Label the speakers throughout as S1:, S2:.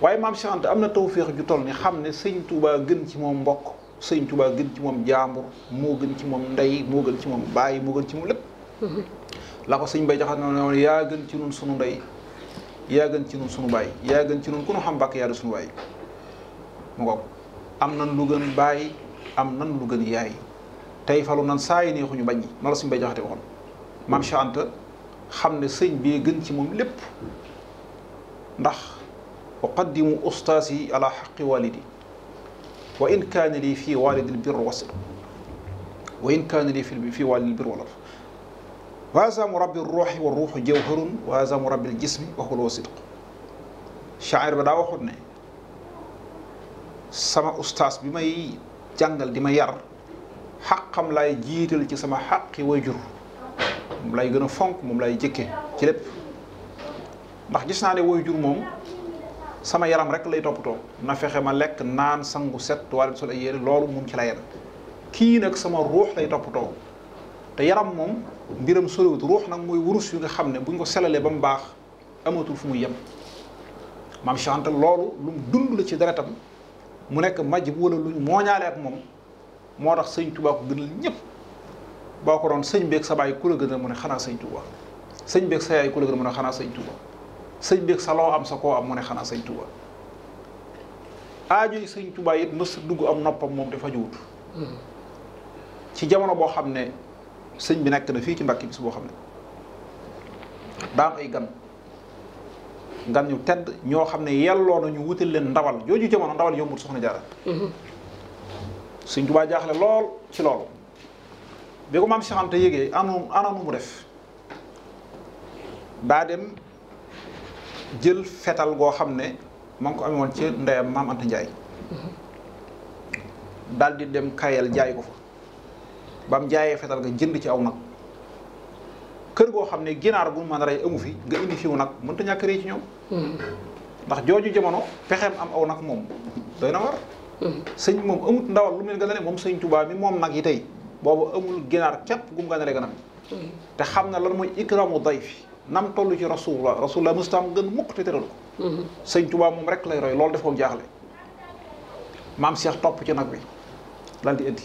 S1: waaye maam Cheikh am na tawféex ju toll ni xam ne sëñ Touba gën ci moom mbokk sëñ Touba gën ci moom jaambur moo gën ci moom ndey moo gën ci moom bàyyi moo ci moom lépp. sëñ bay jaxat na woon gën ci nun sunu ndey yaa gën ci nun sunu baay yaa gën ci nun ku nu xam bàkk yaa di sunu baay mu ngoog am nan lu gën bàyyi am nan lu gën yaay tey falu nan saa yi neexuñu bañ yi noonu la sëñ bay jaxate waxoon maam Cheikh xam ne sëñ bi gën ci moom lépp ndax uqaddimu ustaasi ala xaqi walidi wa in kaana lii fii waalidi lbir wasil wa in kaana lii fii waalidi lbir wala wa haza murabbi ruuxi wa ruuxu jawharun wa haza murabbi ljismi wa huwa lwasil shaacir ba daa waxoon ne sama ustaas bi may jàngal di ma yar xaqam laay jiital ci sama xaqi wayjur moom laay gën a fonk moom laay jëkke ci lépp ndax gis naa ne wayjur moom sama yaram rek lay toppatoo na fexe ma lekk naan sangu set wala sol ay yére loolu moom ci la yem kii nag sama ruux lay toppatoo te yaram moom mbiram soriwut ruux nag mooy wurus yu nga xam ne bu ñu ko selalee ba mu baax amatul fu muy yem maam Cheikh Anta loolu la ci deretam mu nekk maj bu wala luñ mooñaale moom moo tax sëñ Tuubaa ko gënal ñëpp boo ko doon sëñ beeg sa baay ku la gënal mu ne xanaa sëñ Tuubaa sëñ beeg sa yaay ku mu ne xanaa sëñ Tuubaa sëñ bi sa loo am sa koo am mu ne xanaa sëñ Touba aajo yi sëñ Touba it mës dugg am noppam moom dafa juwut ci jamono boo xam ne sëñ bi nekk na fii ci mbakki bis boo xam ne daam ay gan gan ñu tedd ñoo xam ne yelloo nañu wutal leen ndawal jooju jamono ndawal yombut soxna jaara sëñ Touba jaaxle lool ci loolu bi ko maam Cheikh Anta yëgee anu ananu mu def daa dem jël fetal goo xam ne ma ngi ko amee woon ci ndeyam maam Anta Ndiaye daal di dem kayal jaay ko fa ba mu jaayee fetal nga jënd ci aw nag kër goo xam ne ginaar bu mën a rey amu fi nga indi fiw nag mënta kër rey ci ñoom ndax jooju jamono pexeem am aw nag moom doy na war sëñ moom amut ndawal lu mel nga ne moom sëñ Tuubaa mi moom nag yi tey boobu amul ginaar képp gum nga ne ganam te xam na lan mooy ikramu dayfi nam toll ci rasulullah rasulullah mustaam gën mukk te tëral ko mhm. sëñ Tuubaa moom rek lay roy loolu def ko jaaxle maam Cheikh topp ci nag bi lan di indi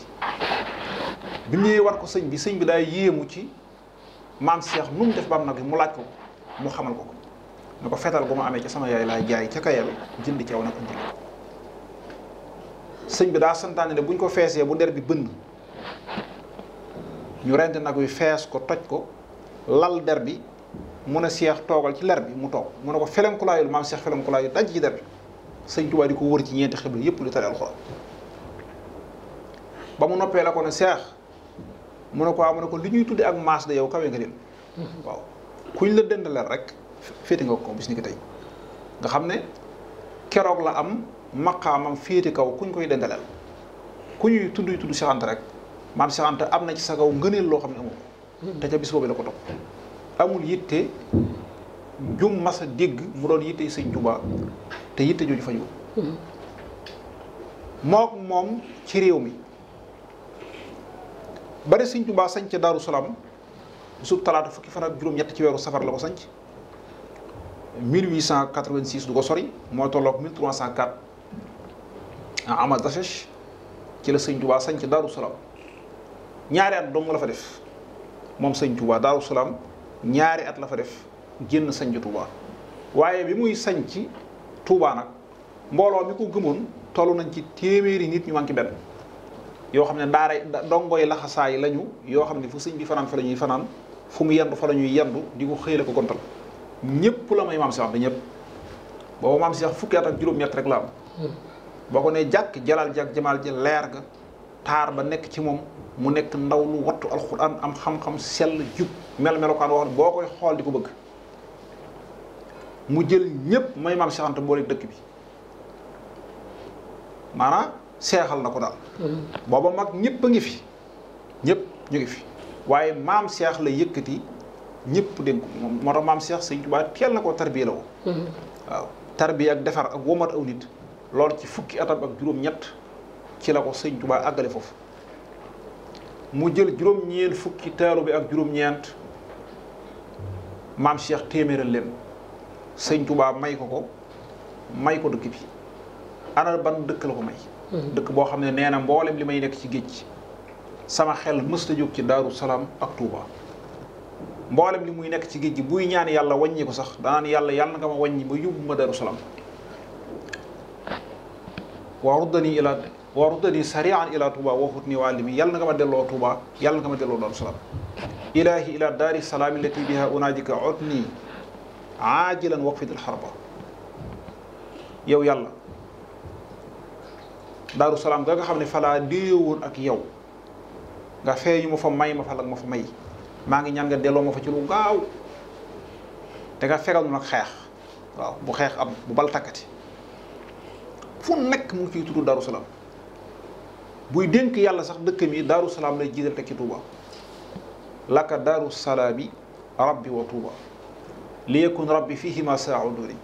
S1: bi ñëwee war ko sëñ bi sëñ bi daay yéemu ci maam Cheikh nu mu def ba nag bi mu laaj ko mu xamal ko ko ne ko fetal gu ma amee ci sama yaay laay jaay ca kayal jënd ci aw nag indi sëñ bi daa santaane ne bu ñu ko feesee bu der bi bënn ñu rend nag yu fees ko toj ko lal der bi mun a seex toogal ci ler bi mu toog mu ne ko felenkulaayul maam seex felenkulaayu daj ci der bi sëñ Tuubaa di ko wër ci ñeenti xibla yépp lu tari alxuraan ba mu noppee la ko ne seex mu ne ko mu ne ko li ñuy tudde ak maas de yow kawe nga leen waaw kuñ la dënd rek féete nga ko bis ni ki tey nga xam ne keroog la am maqaamam féete kaw kuñ koy dendaleel ku ñuy tudd tudd Seex rek maam Cheikh Anta am na ci sa kaw ngëneel loo xam ne amul hmm. te ca bis boobu la ko topp amul yitte jum mas a dégg mu doon yitte sëñ Tuubaa te yitte jooju faju hmm. mook moom ci réew mi bari sëñ Tuubaa sañ ca Daaru Salaam sub talaata fukki fan ak juróom-ñett ci weeru safar la ko sanc 1886 du ko sori moo tolloog 1304 en Amadou Dasech ci la sëñ Tuubaa sañ ca Daaru Salaam ñaari at dong la moom sëñ Touba Daaru Salaam ñaari at la fa def génn sëñ Touba waaye bi muy ci Touba nag mbooloo mi ko gëmoon toll nañ ci téeméeri nit ñu manqué benn yoo xam ne daara dongoy laxasaay lañu yoo xam ne fu sëñ bi fanaan fa la ñuy fanaan fu mu yendu fa la ñuy yendu di ko xëy la ko gontal ñëpp la may maam si wax da ñëpp booba maam si wax fukki at ak juróom-ñett rek la am hmm. boo ko ne jàkk jalal jàkk jamaal ji leer ga taar ba nekk ci moom mu nekk ndaw lu wattu alxuraan am xam-xam sell jub mel melokaan wax boo koy xool di ko bëgg mu jël ñépp may maam Cheikh dëkk bi maanaam seexal na ko daal mm-hmm. booba mag ñépp a ngi fi ñépp ñu ngi fi waaye maam Cheikh la yëkkati ñëpp dégg ko moom moo tax maam Cheikh Sëñ Tuubaa teel na ko tarbiya la woo mm-hmm. waaw tarbiya ak defar ak womat aw nit loolu ci fukki atam ak juróom-ñett ci la ko sëñ Tuubaa àggale foofu mu jël juróom-ñeent fukki taaru bi ak juróom-ñeent maam Cheikh téeméeral leen sëñ Tuubaa may ko ko may ko dëkk bi ana ban dëkk la ko may. Mhm. dëkk boo xam ne nee na mboolem li may nekk ci géej sama xel mësta jóg ci Daaru Salaam ak Touba. mboolem li muy nekk ci géej gi buy ñaan yàlla wàññi ko sax danaan yàlla yàlla nga ma waññi ba yóbbu ma Daaru Salaam. waa ruddani ila waruddani sarian ila touba wahutni wa allimi yàlla na nga ma delloo touba yàlla na nga ma delloo daaru salaam ilahi ila daari salaam illati biha unaajika otni aajilan waqfidil xarba yow yàlla nga xam ne falaa déewoon ak yow nga feeñu ma fa may ma fa lag ma fa may maa ngi ñaan nga delloo ma fa ci lu gaaw te nga fegal nu nag xeex waaw bu xeex am bu bal takkati fu nekk mu ngi ciy tudd daaru buy dénk yàlla sax dëkkam yi daaru salaam lay jiital teg ci tuuba laka daaru salaami rabbi wa tuuba li yakun rabbi fihima saauduri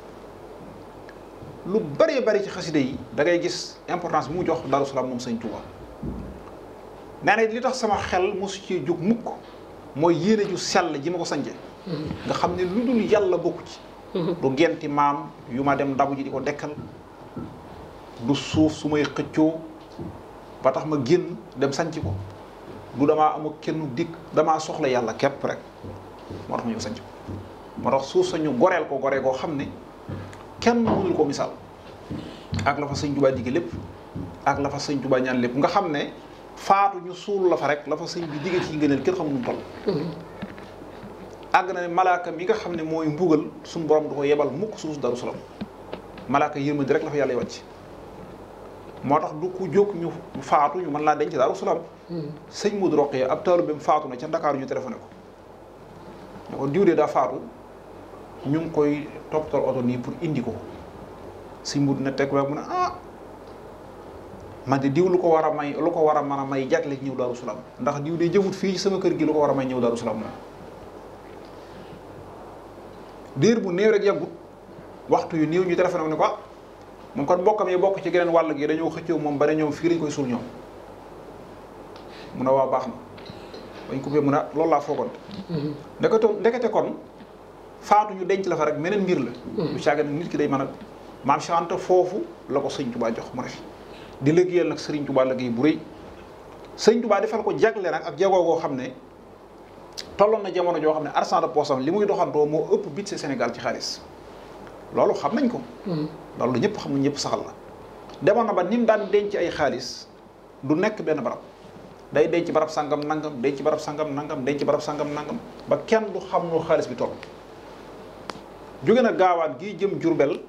S1: lu bëree bëri ci xasida yi da gis importance bi mu jox daaru salaam moom sëñ tuuba nee li tax sama xel mosu ci jug mukk mooy yéene ju sell ji ma ko sanje nga xam ne lu dul yàlla bokku ci du genti maam yu ma dem ndabu ji di ko dekkal du suuf su may xëccoo ba tax ma génn dem sañc ko du damaa amul kenn dikk damaa soxla yàlla képp rek moo tax ma ñëw sanc ko moo tax suuf sañu goreel ko goree koo xam ne kenn mënul ko misaal ak la fa sëñ Tuubaa lépp ak la fa sëñ ñaan lépp nga xam ne faatu ñu suul la fa rek la fa sëñ bi digge ci ngëneel kenn xamul nu toll àgg na ne malaaka mi nga xam ne mooy mbugal suñu borom du ko yebal mukk suuf daru salam malaaka yërmandi rek la fa yàlla wàcc moo tax du ku jóg ñu faatu ñu mën laa denc daaru salaam. Hmm. sëñ Modou Rokhaya ab taalibeem faatu na ca Ndakaaru ñu téléphoné ko. ne ko diw de daa faatu ñu ngi koy toppatoo oto nii pour indi ko sëñ Modou na teg ba mu ne ah man de diw lu ko war a may lu ko war a mën a may jagle ñëw daaru salaam ndax diw de jëmut fii ci sama kër gi lu ko war a may ñëw daaru salaam moom. diir bu néew rek yàggut waxtu yu néew ñu téléphoné ko ne ko ah, moom kon bokkam yi bokk ci geneen wàll gi dañoo xëccoo moom ba ne ñoom fii lañ koy suul ñoom mun a waa baax na bañ ko bee mun a ah loolu laa foogoon. ndekete ndekete kon faatu ñu denc la fa rek meneen mbir la. lu caaga nit ki day mën a maam Cheikh foofu la ko sëñ Touba jox mu ne fi di yal nag Serigne Touba liggéey bu rëy sëñ Touba defal ko jagle nag ak jagoo goo xam ne tolloon na jamono joo xam ne argent de poche am li muy doxantoo moo ëpp bit ci Sénégal ci xaalis. loolu xam nañ ko. Hmm. loolu ñëpp xam nañ ñëpp saxal na demoon na ba ni mu daan denc ay xaalis du nekk benn barab day denc barab sangam nangam denc barab sangam nangam denc barab sangam nangam ba kenn du xam noo xaalis bi toll. jóge na gaawaan gi jëm Jurbel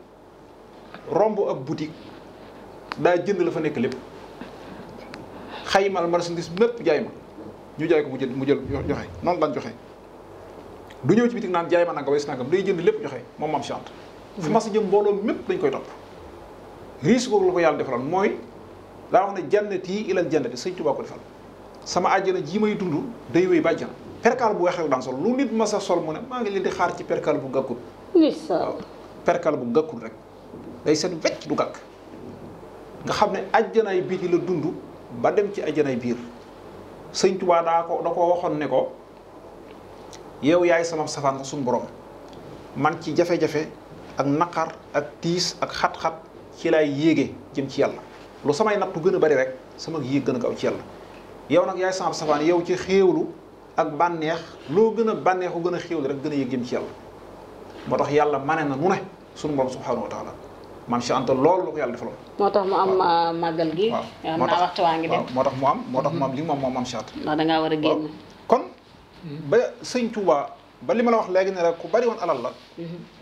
S1: romb ab butik daa jënd la fa nekk lépp xaymal marchandise mépp jaay ma ñu jaay ko mu jël mu jël joxe noonu daan joxe du ñëw ci bitik naan jaay ma nangam weesu nangam day jënd lépp joxe moom maam si fu ma sa jëm mbooloo mépp dañ koy topp riis googu la ko yàlla defaloon mooy daa wax ne jannat yi ilal jannati sëñ Tuubaa ko defal sama àjjana ji may dund day wéy ba àjjana perkal bu weex rek daan sol lu nit ma sa sol mu ne maa ngi leen di xaar ci perkal bu gàkkul
S2: waaw
S1: perkal bu gàkkul rek day seen wecc du gàkk nga xam ne àjjanaay biir yi la dund ba dem ci àjjanaay biir sëñ Tuubaa daa ko da ko waxoon ne ko yow yaay sama safaan suñu borom man ci jafe ak naqar ak tiis ak xat-xat ci laay yéege jëm ci yàlla lu samay nattu gën a bari rek sama yéeg gën a gaaw ci yàlla yow nag yaay samab safaan yow ci xéewlu ak bànneex loo gën a bànneexu gën a xéewlu rek gën a yéeg jëm ci yàlla moo tax yàlla mane na nu ne su borom subhaanahu wa taala maam Cheikh Anta loolu loo ko yàlla defaloon.
S2: moo tax mu am euh, màggal gi. waaw moo tax moo tax mu am moo tax mu am li moom moom maam Cheikh Anta. ndax da war a génn. kon
S1: ba sëñ Touba ba li ma la wax léegi ne rek ku bari alal la. Mm-hmm.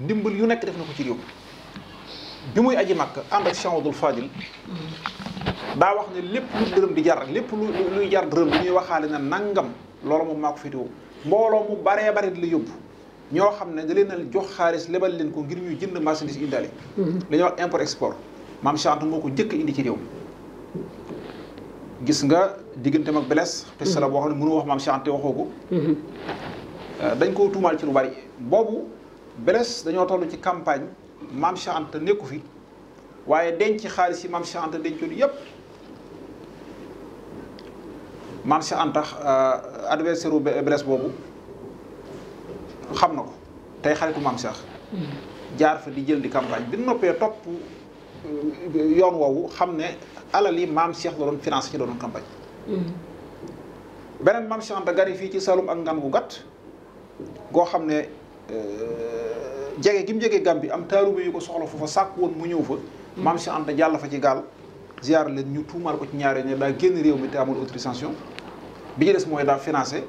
S1: ndimbal yu nekk def na ko ci réew bi muy aji màkk ànd ak Cheikh Abdoul Fadil daa wax ne lépp lu dërëm di jar lépp lu luy jar dërëm di ñuy waxaale na nangam loolu moom maa ko féetewoo mbooloo mu baree bare di la yóbbu ñoo xam ne da leen a jox xaalis lebal leen ko ngir ñuy jënd marchandise indaale li mm-hmm. ñuy wax import export maam Cheikh moo ko jëkk indi ci réew gis nga diggante ak Blaise xis la boo xam ne mënu wax maam Cheikh Anta waxoo ko mm-hmm. euh, dañ tuumaal ci lu bari beles dañoo toll ci campagne maam Cheikh nekku fi waaye denc xaalis yi maam Cheikh Anta dencoon yépp maam Cheikh euh, adversaire u boobu xam na ko tey xaritu maam Cheikh
S3: mm-hmm.
S1: jaar fa di jël di campagne bi noppee topp euh, yoon woowu xam ne alal yi maam Cheikh la doon financé ci doon campagne mm-hmm. beneen maam Cheikh gari fii ci Saloum ak ngan gu gàtt goo xam ne Euh, jege gi mu jege Gàmbi am taaluba yu ko soxla foofa sàkk woon mu ñëw fa. maam si Anta jàll fa ci gaal. ziar leen ñu tuumaal ko ci ñaareel ne daa génn réew mi te amul autorisation bi ñu des mooy daa financé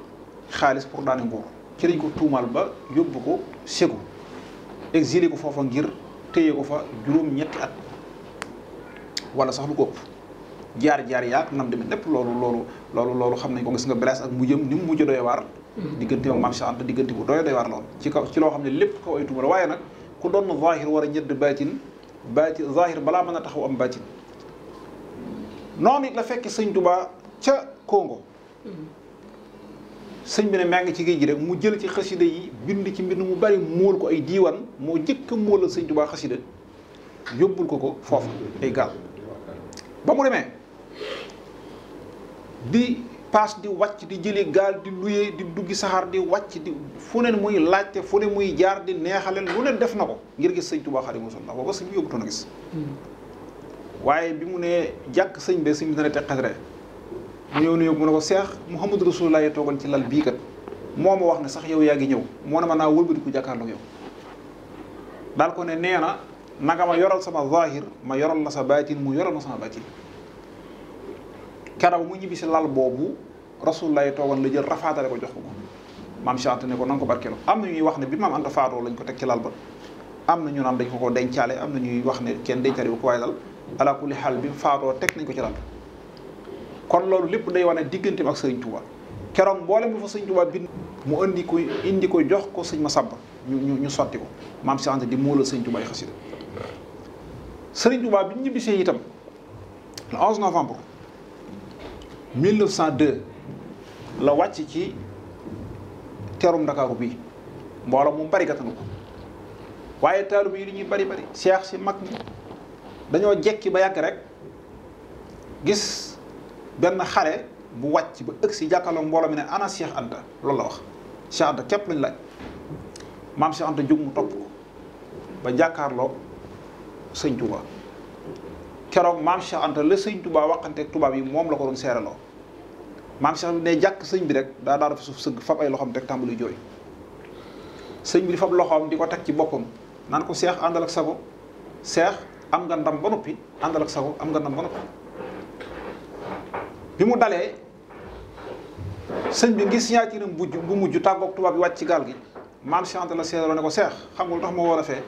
S1: xaalis pour daane nguur ci lañ ko tuumaal ba yóbbu ko Ségou exilé ko foofa ngir téye ko fa juróom-ñetti at wala sax lu ko ëpp jaar jaar yaak nam demee lépp loolu loolu loolu loolu xam nañ ko gis nga belees ak mujjam ni mu mujj doy waar diggante ak Maam Cheikh Anta diggante bu doy doy war lool ci kaw ci loo xam ne lépp kaw ay tuuma la waaye nag ku doon zahir war a ñëdd baatin baati zahir balaa mën a taxaw am baatin noonu la fekk sëñ Touba ca Congo sëñ bi ne maa ngi ci géej gi rek mu jël ci xasida yi bind ci mbind mu bari muul ko ay diiwaan moo jëkk a muulal sëñ Touba xasida yóbbul ko ko foofa ay gaal ba mu demee bi paas di wàcc di jëli gaal di luyee di duggi saxaar di wàcc di fu ne muy laajte fu ne muy jaar di neexale lu ne def na ko ngir gis sëñ Tuubaa Xaadimu Rasuul ndax booba sëñ bi yóbbutoon a gis
S3: hmm.
S1: waaye bi mu nee jàkk sëñ bee sëñ bi dana teqatre mu ñëw nuyu mu ne ko seex Muhammadu Rasulullah yi toogal ci lal bii kat moo ma wax ne sax yow yaa ngi ñëw moo ne ma naa wëlbatiku jàkkaarloog yow daal ko ne nee na nanga ma yoral sama zahir ma yoral la sa baatin mu yoral ma sama baatin keroog mu ñibbi si lal boobu rasulullah yi toogoon la jël rafaatale ko jox ko maam Cheikh Anta ne ko na nga ko barkeeloo am na ñuy wax ne bi maam Anta faatoo lañ ko teg ci lal ba am na ñu naan dañ ko ko dencaale am na ñuy wax ne kenn dencaale bu ko waaye lal ala kulli bi mu faatoo teg nañ ko ci lal kon loolu lépp day wane digganteem ak sëriñ Touba keroog mboolem bu fa sëriñ Touba bind mu indi ko indi ko jox ko sëñ Massamba ñu ñu ñu sotti ko maam Cheikh Anta di moolal sëriñ Touba ay xasida sëriñ Touba bi itam le 11 1902 la wàcc ci teerum ndakaaru bi mbooloo mu bari gatanu ko waaye taalib yi li ñuy bari bari seex si mag ñi dañoo jekki ba yàgg rek gis benn xale bu wàcc ba ëgg si jàkkaarloo mbooloo mi ne ana Cheikh Anta loolu la wax Cheikh Anta képp lañ laaj maam Cheikh Anta mu topp ko ba jàkkaarloo sëñ Touba keroog maam Cheikh Anta la sëñ Touba waxanteeg tubaab yi moom la ko doon seeraloo maam Cheikh Anta ne jàkk sëñ bi rek daa daa dafa suuf sëgg fab ay loxoom teg tàmbali jooy sëñ bi di fab loxoom di ko teg ci boppam naan ko Cheikh àndal ak sago Cheikh am nga ndam ba noppi àndal ak sago am nga ndam ba noppi bi mu dalee sëñ bi ngir signature am bu mujj tàggoog tubaab yi wàcc ci gaal gi maam Cheikh Anta la seeraloo ne ko Cheikh xam nga lu tax ma war a fee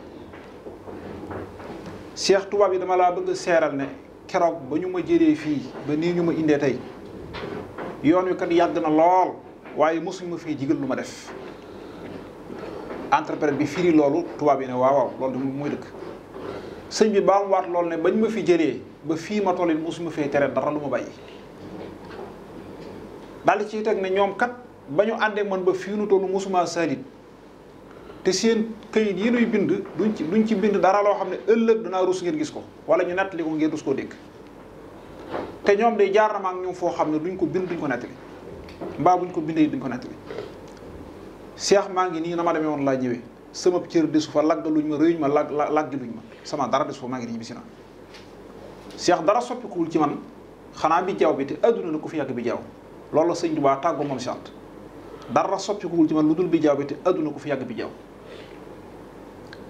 S1: seex tubaab yi dama laa bëgg seeral ne keroog ba ñu ma jëlee fii ba nii ñu ma indee tey yoon wi kat yàgg na lool waaye mosuñu ma fii jigal lu ma def entrepreneur bi firi loolu tubaab yi ne waaw waaw loolu dama muy dëkk sëñ bi baa mu waat loolu ne bañ ma fi jëlee ba fii ma toll mosuñu ma fee tere dara lu ma bàyyi daal di ciy teg ne ñoom kat ba ñu àndee man ba fii nu toll mosuma salit te seen këyit yi nuy bind duñ ci duñ ci bind dara loo xam ne ëllëg danaa rus ngeen gis ko wala ñu nettali ko ngeen rus koo dégg te ñoom day jaar na ma ñoom foo xam ne duñ ko bind duñ ko nettali mbaa buñ ko bindee duñ ko nettali seex maa ngi nii na ma demee woon laa ñëwee sama cër desu fa lagg luñ ma réyuñ ma lagg lagg luñ ma sama dara desu fa maa ngi nii bisi na seex dara soppikuwul ci man xanaa bi jaww bi te adduna na ko fi yàgg bi jaww loolu sëñ waa tàggoo moom sant dara soppikuwul ci man lu dul bi jaww bi te adduna ko fi yàgg bi jaww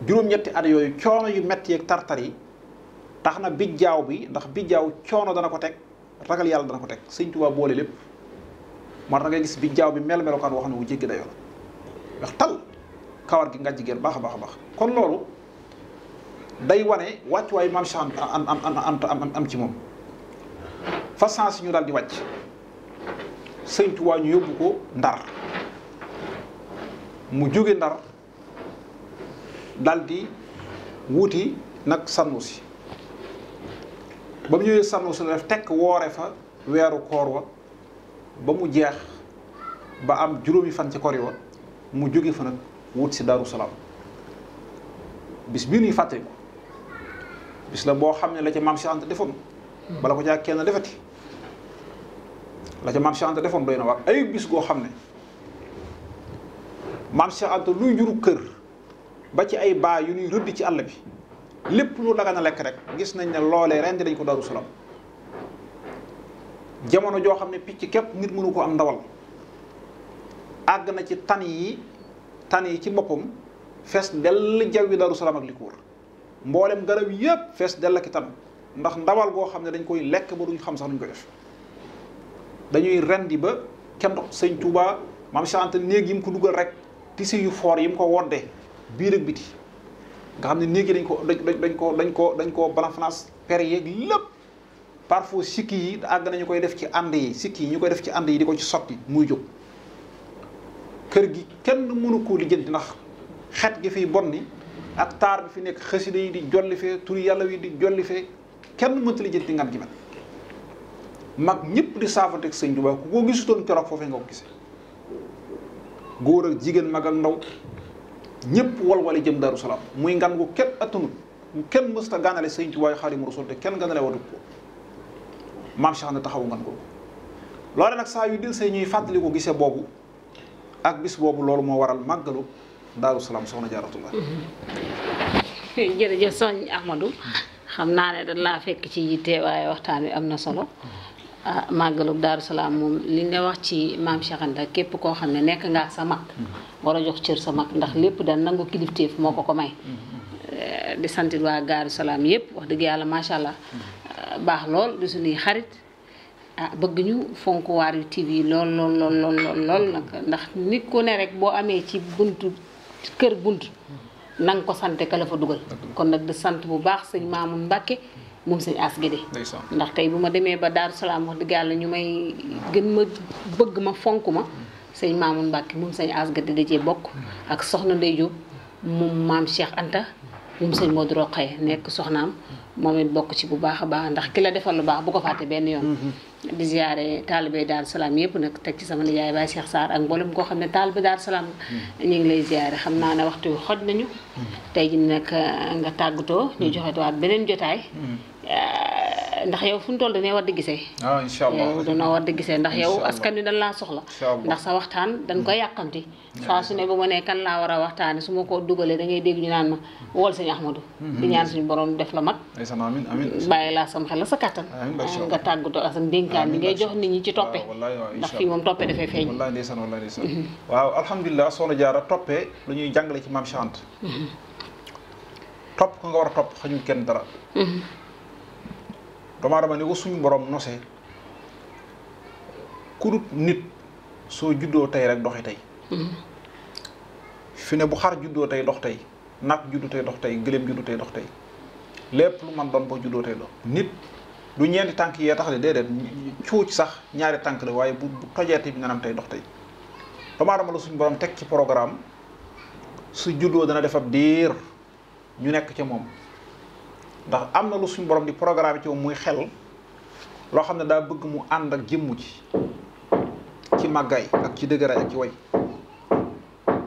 S1: juróom-ñetti at yooyu coono yu metti yeeg tartar yi tax na bijjaaw bi ndax bijjaaw coono dana ko teg ragal yàlla dana ko teg sëñtuwaa boole lépp moo tax ngay gis bijjaaw bi mel melokaan wax ne wu jéggi dayoo la wax tal kawar gi ngàjj geen baax a baax baax kon loolu day wane wàccuwaay maam Cheikh am am am am ci moom fa sens ñu daal di wàcc sëñ Tuubaa ko ndar mu jóge ndar. daldi di wuti nag Sanusi ba mu ñëwee Sanusi la def tekk woore fa weeru koor wa ba mu jeex ba am juróomi fan ci kori wa mu jóge fa nag wut si Daaru Salaam bis bii nuy fàttali ko bis la boo xam ne la ca maam si Anta defoon bala ko caa kenn defati la ca maam Cheikh Anta defoon doy na war ay bis goo xam ne maam Cheikh Anta luy juru kër ba ci ay baa yu nuy rëdd ci àll bi lépp lu dagan a lekk rek gis nañ ne loolee ren dañ ko daru salaam jamono joo xam ne picc képp nit mënu ko am ndawal àgg na ci tan yi tan yi ci boppam fees dell jaw yi daru salaam ak li ko wër mboolem garab yépp fees dell ak i ndax ndawal goo xam ne dañ koy lekk ba duñ xam sax duñ ko def dañuy rendi ba kenn dox sëñ Touba maam Cheikh Anta néeg yi mu ko dugal rek tissi yu foor yi mu ko woddee biir ak biti nga xam ne néeg dañ ko dañ ko dañ ko dañ ko balanfanaas per yeeg lépp parfois sikki yi àgg nañu koy def ci ànd yi sikki yi ñu koy def ci ànd yi di ko ci sotti muy jóg kër gi kenn mënu koo lijjanti ndax xet gi fiy bon ni ak taar bi fi nekk xasida yi di jolli fee tur yàlla wi di jolli fee kenn mënta lijjanti ngan gi mel mag ñëpp di saafante ak sëñ Tuubaa ku ko gisutoon keroog foofee nga ko gisee góor ak jigéen mag ak ndaw ñëpp walwale jëm Daaru Salaam muy ngan gu kenn attanut kenn mësta ganale Sëriñ Tuubaa Xaadimu Rasuul te kenn ganale wadut ko maam Cheikh na taxawu ngan nag saa yu dil ñuy fàttali ko gisee boobu ak bis boobu loolu moo waral màggalu Daaru Salaam soxna Jaaratullah
S2: jërëjëf soñ Ahmadou xam naa ne dañ laa fekk ci teewaaye waxtaan wi am na solo ah màggalug Daaru Salaam moom li nga wax ci maam Cheikh Anta képp koo xam ne nekk nga ak sa mag. Mhm. war a jox cër sa mag ndax lépp da nangu kilifteef moo ko ko may. Mhm. Eh, di santit waa Daaru Salaam yëpp wax dëgg yàlla macha allah. Mhm. Ah, baax lool du suñuy xarit ah bëgg ñu fonk Waarwi TV lool lool lool lool lool nag ndax nit ku ne rek boo amee ci buntu kër bunt na ko sante ka fa dugal. kon nag di sant bu baax sëñ Maamun Mbàkke moom sëñ As Guédé ndax tey bu ma demee ba Daaru Salaam wax dëgg yàlla ñu may gën ma bëgg ma fonk ma sëñ Mamoun Mbacke moom sañ As Guédé da cee bokk ak soxna Ndey Diop moom maam Cheikh Anta moom sëñ Modou Rokhaya nekk soxnaam moom it bokk ci bu baax a baax ndax ki la defal lu baax bu ko fàtte benn yoon mm-hmm. di ziare taalibe Daaru Salaam yëpp nag teg ci sama nijaay Baye Cheikh saar ak mboolem koo xam ne taalibe Daaru Salaam mm-hmm. ñu ngi lay ziare xam naa ne waxtu wi xoj nañu mm-hmm. tey ji nag nga tàggatoo ñu joxetuwaat beneen jotaay Eh, ndax yow fu mu toll dañuy war di gisee.
S1: ah incha allah yow dañoo
S2: gisee ndax yow askan wi dañ laa soxla. ndax sa waxtaan dañ koy hmm. yàqamti. saa su ne bu ma nee kan laa war a waxtaanee su ma ko dugalee da ngay dégg naan ma hmm. wool sëñ Ahmadou. Hmm. di suñu borom def la mag.
S1: amiin amiin bàyyi
S2: laa sam la sa kattan. nga tàggatoo ak sa bi ngay jox nit ñi ci toppe. Ah,
S3: ndax fii moom toppe dafay feeñ. wallaahi
S1: ndeysaan wallaahi ndeysaan. waaw alhamdulilah soxna Diarra toppee lu ñuy jàngale ci maam Chante. topp ko nga war a topp xañul kenn dara doomu aadama ni ko suñu borom nosee kurut nit soo juddoo tey rek doxi tey fi ne bu xar juddoo tey dox tey nag juddu tey dox tey gëléem juddu tey dox tey lépp lu man doon boo juddoo tey dox nit du ñeenti tànk yee tax de déedéet cuuc sax ñaari tànk la waaye bu tojeete bi nanam tey dox tey doomu aadama la suñu borom teg ci programme su juddoo dana def ab ñu nekk ci moom ndax am na lu suñu borom di programme ci moom muy xel loo xam ne daa bëgg mu ànd ak jëmm ci ci màggaay ak ci dëgëraay ak ci way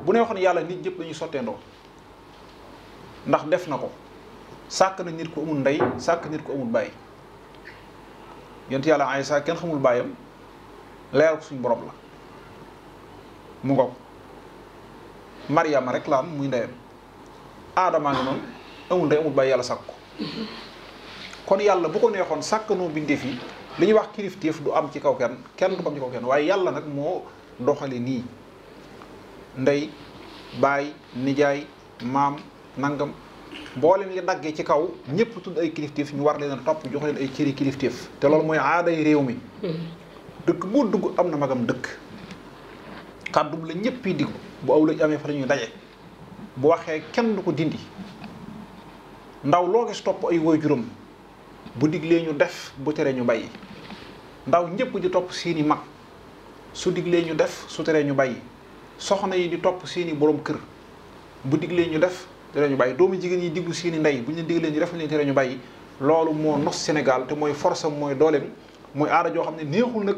S1: bu ne waxoon yàlla nit ñëpp dañuy sotteendoo ndax def na ko sàkk na nit ko amul ndey sàkk nit ko amul bàyyi yonent yàlla Aysa kenn xamul bàyyam leer ko suñu borom la mu ngoog Mariama rek la am muy ndeyam aadamaa nga noonu amul ndey amul bàyyi yàlla sàkk ko kon yàlla bu ko neexoon sàkkanoo bindeef yi li ñuy wax kilifteef du am ci kaw kenn kenn du ko am ci kaw kenn waaye yàlla nag moo doxali nii ndey baay nijaay maam nangam boo leen daggee ci kaw ñëpp tudd ay kilifteef ñu war leen topp jox leen ay cëri kilifteef te loolu mooy aaday réew mi dëkk boo dugg am na magam dëkk kàddu la ñëpp yi diggu bu aw la amee fa la daje bu waxee kenn du ko dindi ndaw loo gis topp ay waajuram bu diglee ñu def bu teree ñu bàyyi ndaw ñëpp di topp seeni mag su diglee ñu def su teree ñu bàyyi soxna yi di topp seeni borom kër bu diglee ñu def tere ñu bàyyi doomu jigéen yi diglu seeni ndey bu ñu diglee ñu def ñu tere ñu bàyyi loolu moo nos Sénégal te mooy force am mooy dooleem mooy aada joo xam ne neexul nag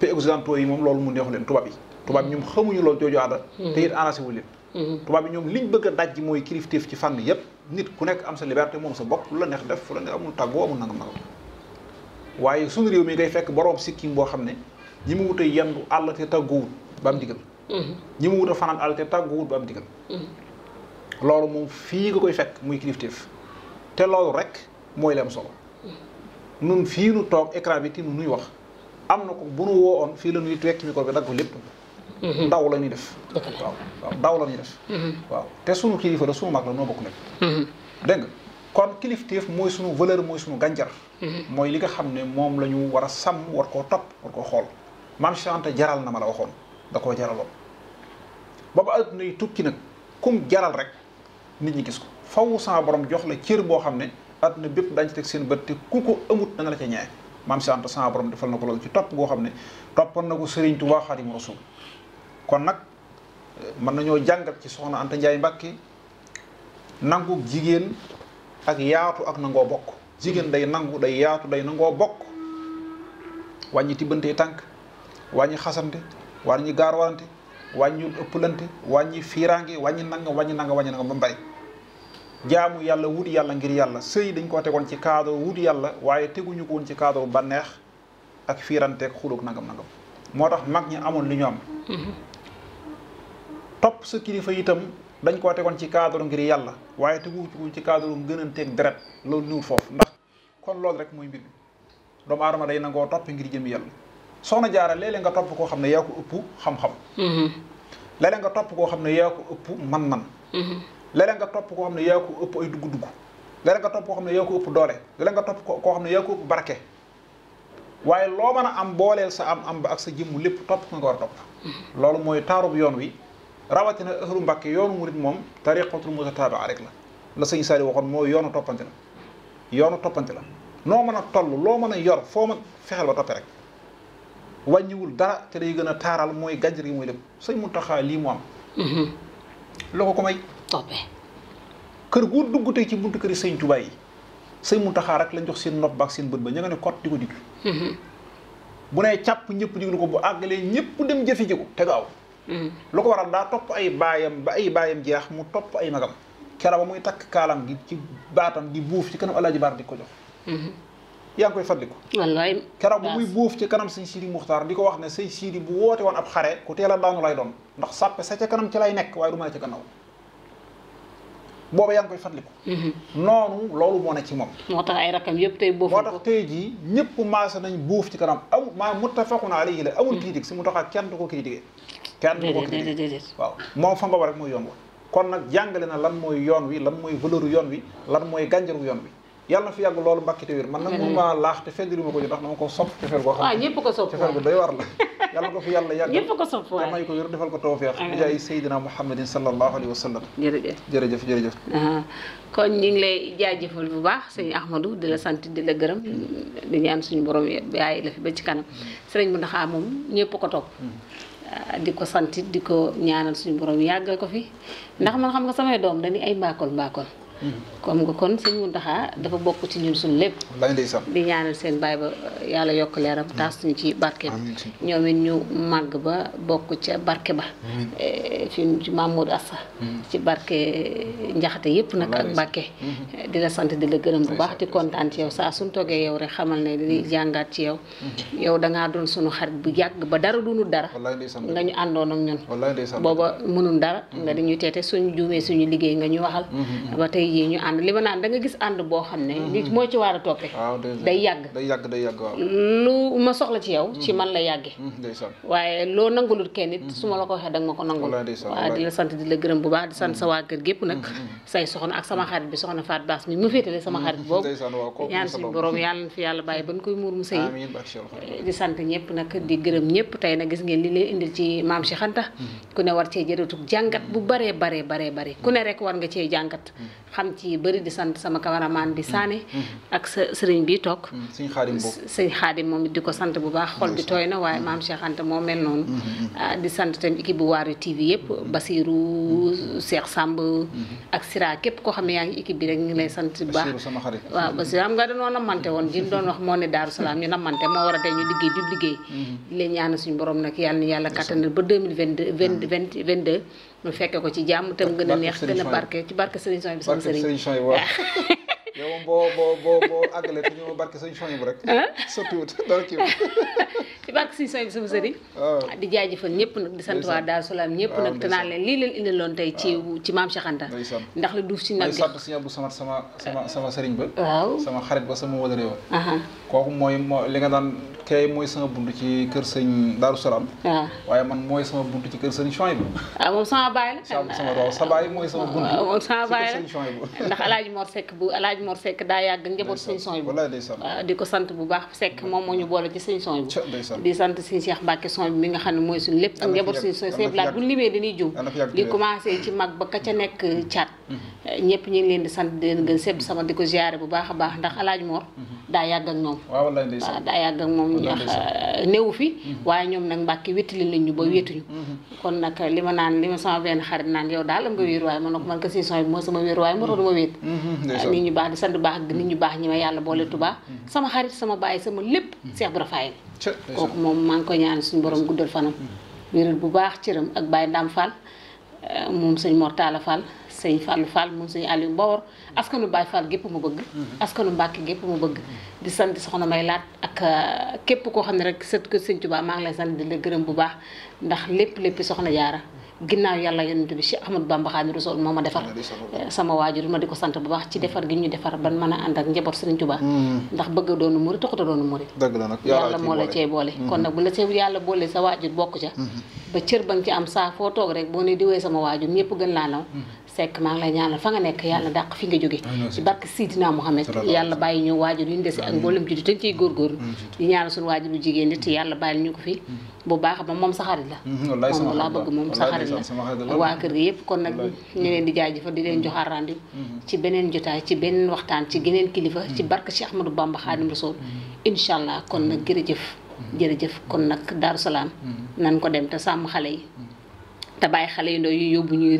S1: pays occidentaux yi moom loolu mu neexu leen tubaab yi tubaab ñoom xamuñu loolu jooju aada te it hmm. arrangé wu leen Mhm. tubaab bi ñoom liñ bëgg a daj mooy kilifteef ci fànn yépp nit ku nekk am sa liberté moom sa bopp lu la neex def fu la neex amul tàggoo amul nangam nangam waaye suñu réew mi ngay fekk boroom sikkim boo xam ne ñi mu wut a yendu àll te tàggoowut ba am digal mhm. ñi wut a fanaan àll te tàggoowut ba am digal mhm. loolu moom fii ko koy fekk muy kilifteef te loolu rek mooy li am solo nun fii nu toog écran bi ti nu nuy wax am na ko bu nu woo oon fii la nuy tekki micro bi dagg lépp Mhm. daw la ñuy def. waaw waaw daw la ñuy def. Mhm. waaw te sunu kilifa la sunu mag la noo bokk nekk. Mhm. dégg nga kon kilifteef mooy sunu valeur mooy sunu gànjar. mooy li nga xam ne moom lañu ñu war a sàmm war koo topp war koo xool maam Cheikh Anta jaral na ma la waxoon da koo jaraloon. boobu adduna yi tukki nag kum jaral rek nit ñi gis ko faw sama borom jox la cër boo xam ne na bépp dañ ci seen bët te ku ko amut dana la ca ñaaye maam Cheikh Anta sama borom defal na ko loolu ci topp goo xam kon nag mën nañoo jàngat ci soxna Anta Ndiaye Mbacke nangu jigéen ak yaatu ak nangoo bokk jigéen day nangu day yaatu day nangoo bokk wàññi tibbante tànk wàññi xasante ñi wàññi gaarwalante wàññi ëppalante wàññi fiiraange wàññi nanga wàññi nanga wàññi nanga ba mbay jaamu yàlla wut yàlla ngir yàlla sëy dañ ko tegoon ci cadre wut yàlla waaye teguñu ko woon ci cadre bànneex ak fiiranteeg xuloog nangam nangam moo tax mag ñi amoon li ñu am mm-hmm. topp sa kilifa itam dañ koo tegoon ci cadre ngir yàlla waaye tegu ci cadre mu gënanteeg deret loolu niwul foofu ndax kon loolu rek mooy mbir mi doomu aadama day nangoo topp ngir jëm yàlla soxna jaara léeg-léeg nga topp koo xam ne yaa ko ëpp xam-xam
S3: mm-hmm.
S1: nga topp koo xam ne yaa ko ëpp man-man mm-hmm. léeg-léeg topp koo xam ne yaa ko ëpp ay dugg-dugg nga topp xam ne yaa ko ëpp doole léeg nga topp koo xam ne yaa ko ëpp waaye loo mën a am booleel sa am am ba ak sa jëmm lépp topp ko topp mm-hmm. loolu mooy taarub yoon wi rawatina ëxru mbakk yoonu murit moom tariqatul mutataabaa rek la la sëñ Saali waxoon mooy yoonu toppante la yoonu toppante la noo mën a toll loo mën a yor foo mën fexeel ba toppe rek wàññiwul dara te lay gën a taaral mooy gànjar gi muy dem sëñ Muntaxa lii mu am mhm. loo ko ko may toppe kër gu dugg tey ci buntu këri sëñ Tuubaa yi sëñ Muntaxa rek lañ jox seen nopp baak seen bët ba ña nga ne kot di ko diglu mhm. bu nee càpp ñëpp diglu ko bu àggalee dem jëfe ji Mm. lu ko waral daa topp ay baayam ba ay baayam jeex mu topp ay magam kera ba muy takk kaalam gi ci baatam di buuf ci kanam alaaji baar di ko jox mm-hmm. yaa ngi koy fàttaliku wallaay keroog bu muy buuf ci kanam sëñ Sidi Muxtaar di ko wax ne sëñ Sidi bu woote woon ab ku teel a daanu lay doon ndax sàppe sa kanam ci lay nekk waaye a ca gannaaw booba yaa koy fàttaliku mm-hmm. noonu loolu moo ne ci moom moo tax ay rakam yëpp tey boof moo tax jii ñëpp maase nañ buuf ci kanam amul maa muttafaqun alayhi la amul mm-hmm. critique si mu tax kenn du ko critiqué kenn du ko critiqué waaw moom fa nga rek mooy yoon wa kon nag jàngale na lan mooy yoon wi lan mooy valeur yoon wi lan mooy gànjaru yoon wi yàlla fi yàgg loolu mbàkki te wér man nag mu ma laax te fendiri ma ko ñu ndax dama ko sopp cofeel goo xam ah, ne ñëpp
S2: ko sopp cofeel gu doy
S1: war la yàlla ko fi yàlla yàgg ñëpp ko sopp waay damay ko ah,
S2: di la sant di la suñu borom yaay ba ci kanam sëriñ bu ndaxaa moom ñëpp ko topp hmm. Ah, di ko santit di ko ñaanal suñu borom yàggal ko fi ndax man xam nga samay doom dañuy ay mbaakol mbaakol comme nga kon sëñ daxa dafa bokk ci ñun suñu lépp di ñaanal seen baay ba yàlla yokk leeram taas ñu mm. ci barke bi ñoom it ñu màgg ba bokk ca barke ba eh, fi ci Mamour sax mm. ci barke njaxate yépp nag ak Mbàkke mm-hmm. eh, di la sant di la gërëm bu baax di kontaan ci yow saa suñ toogee yow rek xamal ne di mm-hmm. jàngaat ci yow mm-hmm. yow dangaa doon suñu xarit bu yàgg ba dara duñu dara nga ñu àndoon ak ñun booba mënun dara nga di ñu teete suñu juumee suñu liggéey nga ñu waxal yii ñu ànd li ma naan da nga gis ànd boo xam ne. li mm-hmm. moo ci waar a toppee. day yàgg day yàgg lu ma soxla ci yaw ci mm-hmm. man la yàggee.
S3: Mm-hmm,
S2: waaye loo nangulut kenn it su ma la ko waxee da ma ko nangul. waaw di la sant di la gërëm bu baax di sant sa waa kër gépp nag. say soxna ak sama xarit bi soxna Faat Baas mi mu féetale sama xarit boobu. ñaan suñu borom yàlla na fi yàlla bàyyi ba ñu koy muur mu sëy eh, di sant ñëpp nag di gërëm ñëpp tey na gis ngeen li leen indil ci maam Cheikh Anta ku ne war cee jëratug jàngat bu baree baree baree bare ku ne nga cee jàngat xam ci bëri di sant sama cameraman bi Sané. Mm-hmm. Mm-hmm. ak sa sëriñ bi toog. Mm-hmm. sëñ xaadim sëñ xaadim moom it di ko sant bu baax xol bi tooy na waaye maam Cheikh Anta moo mel noonu. Ah, di sant tamit équipe bu Waarwi TV yëpp Basirou Cheikh Samb. ak Sira képp koo xam ne yaa ngi équipe bi rek nga dañoo namante woon ji doon wax moo ne Daaru Salaam ñu namante moo war a tey ñu liggéey bi liggéey. di leen ñaanal suñu borom nag yàlla na yàlla kattanal ba deux mille nu fekke ko ci jàmm tam gën a neex gën a barke ci barke sëriñ Soñ bi sama sëriñ sëriñ Soñ waaw yow ah. Ah, di jaajëfal ñëpp nag di sant waa Daaru Salaam ñëpp ah, nag te naa leen lii leen indi tey ci maam Cheikh Anta ndax la duuf si nag sant
S1: si Abdou Samad sama sama sama sëriñ ba waaw sama xarit ba sama wala kooku mooy li nga daan tey mooy sama bunt ci kër sëñ Daaru Salaam. waaw ah. waaye man mooy sama bunt ci kër sëñ Chouaïbou.
S2: ah moom sama baay la. sama
S1: sa baay mooy sama bunt. Ah, moom sama baay la
S2: ndax El bu El Hadj Mor Seck daa yàgg njaboot sëñ Chouaïbou. wallaay ah, di ko sant bu baax sekk moom moo ñu boole ci sëñ Chouaïbou. di sant sëñ Cheikh Mbacke Chouaïbou mi nga xam ne mooy suñ lépp. ak njaboot sëñ Chouaïbou bu ñu limee dañuy jum. di commencé ci mag ba ka ca nekk caat ñëpp ñu leen di sant di leen gën sedd sama di ko ziare bu baax a baax ndax alaaj moor mhm. daa yàgg ak moom waaw daa yàgg euh, fi mhm. waaye ñoom nag mbàkki wéttali lañ ñu ba mhm. wéetuñu kon nag li ma naan li ma sama benn xarit naan yow daal am nga wéeru waaye man na ko man ko saison bi moo sama wéeru waaye moo tax du wéet nit ñu baax di sant baax ak nit ñu baax ñi ma yàlla boole tubaa sama xarit sama bàyyi sama lépp Cheikh Ibra Fall kooku moom maa ngi ko ñaan suñ borom guddal fanam wéeral bu baax cëram ak bàyyi Ndam Fall euh, moom sëñ Mortala Fall sa Fallou Fall moom sëñ Aliou Mbawar askanu Baye Fall bëgg askanu Mbacke gépp mu mhm. laat ak euh, képp koo xam ne rek sët ko sëñ Touba maa ngi lay sant di la gërëm bu baax ndax lépp lépp soxna jaara ginnaaw yàlla yonent bi Cheikh Ahmadou Bamba Xaadimu Rasuul moo ma defar eh, sama waajur ma di ko sant bu baax ci defar gi ñu defar ban man a ànd ak njaboot Sëriñ Tuubaa mhm. ndax bëgg a doonu murit taxut a doonu murit yàlla moo la cee boole mhm. kon nag bu la cee yàlla boole sa waajur bokk ca ba cër ba nga ci am saa foo toog rek boo ne diwee sama waajur ñëpp gën laa naw Seck maa lay ñaanal fa nga nekk yàlla dàq fi nga jóge ci barke Sidina Mohamed yàlla bàyyi ñu waajur yu ñu dese ak mboolem juddu te ñu ciy góorgóorlu di ñaanal suñu waajur jigéen nit yàlla bàyyi ñu ko fi bu baax ba moom sa xarit la moom laa bëgg moom sa la waa kër gi yëpp kon nag ñu leen di jaay jaajëfal di leen joxaat ci beneen jotaay ci beneen waxtaan ci geneen kilifa ci barke Cheikh Ahmadou Bamba Khadim Rasoul incha allah kon nag jërëjëf jërëjëf kon nag Daaru Salaam nan ko dem te sàmm xale yi te bàyyi xale yi ndaw yi yóbbu ñuy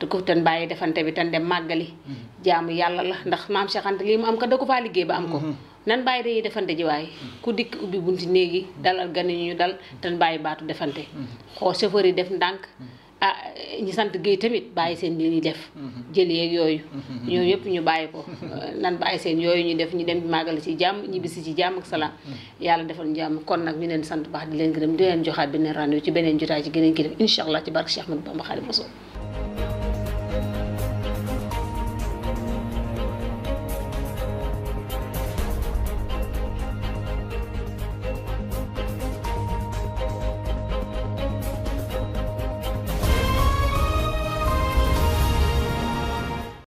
S2: te ko ten bàyyi defante bi ten dem màggali mm-hmm. jaamu yàlla la ndax maam Cheikh Anta lii mu am ka da ko faa liggéey ba am ko mm-hmm. nan bàyyi dañuy defante ji waaye mm-hmm. ku dikk ubbi bunti néegi dalal gan ñu dal ten bàyyi baatu defante xoo yi def ndànk ah ñi sant géey tamit bàyyi seen li def jël yeeg yooyu ñoo yëpp ñu ko nan bàyyi seen yooyu ñu def ñu dem màggali ci jàmm ñibbisi ci jàmm ak salaam yàlla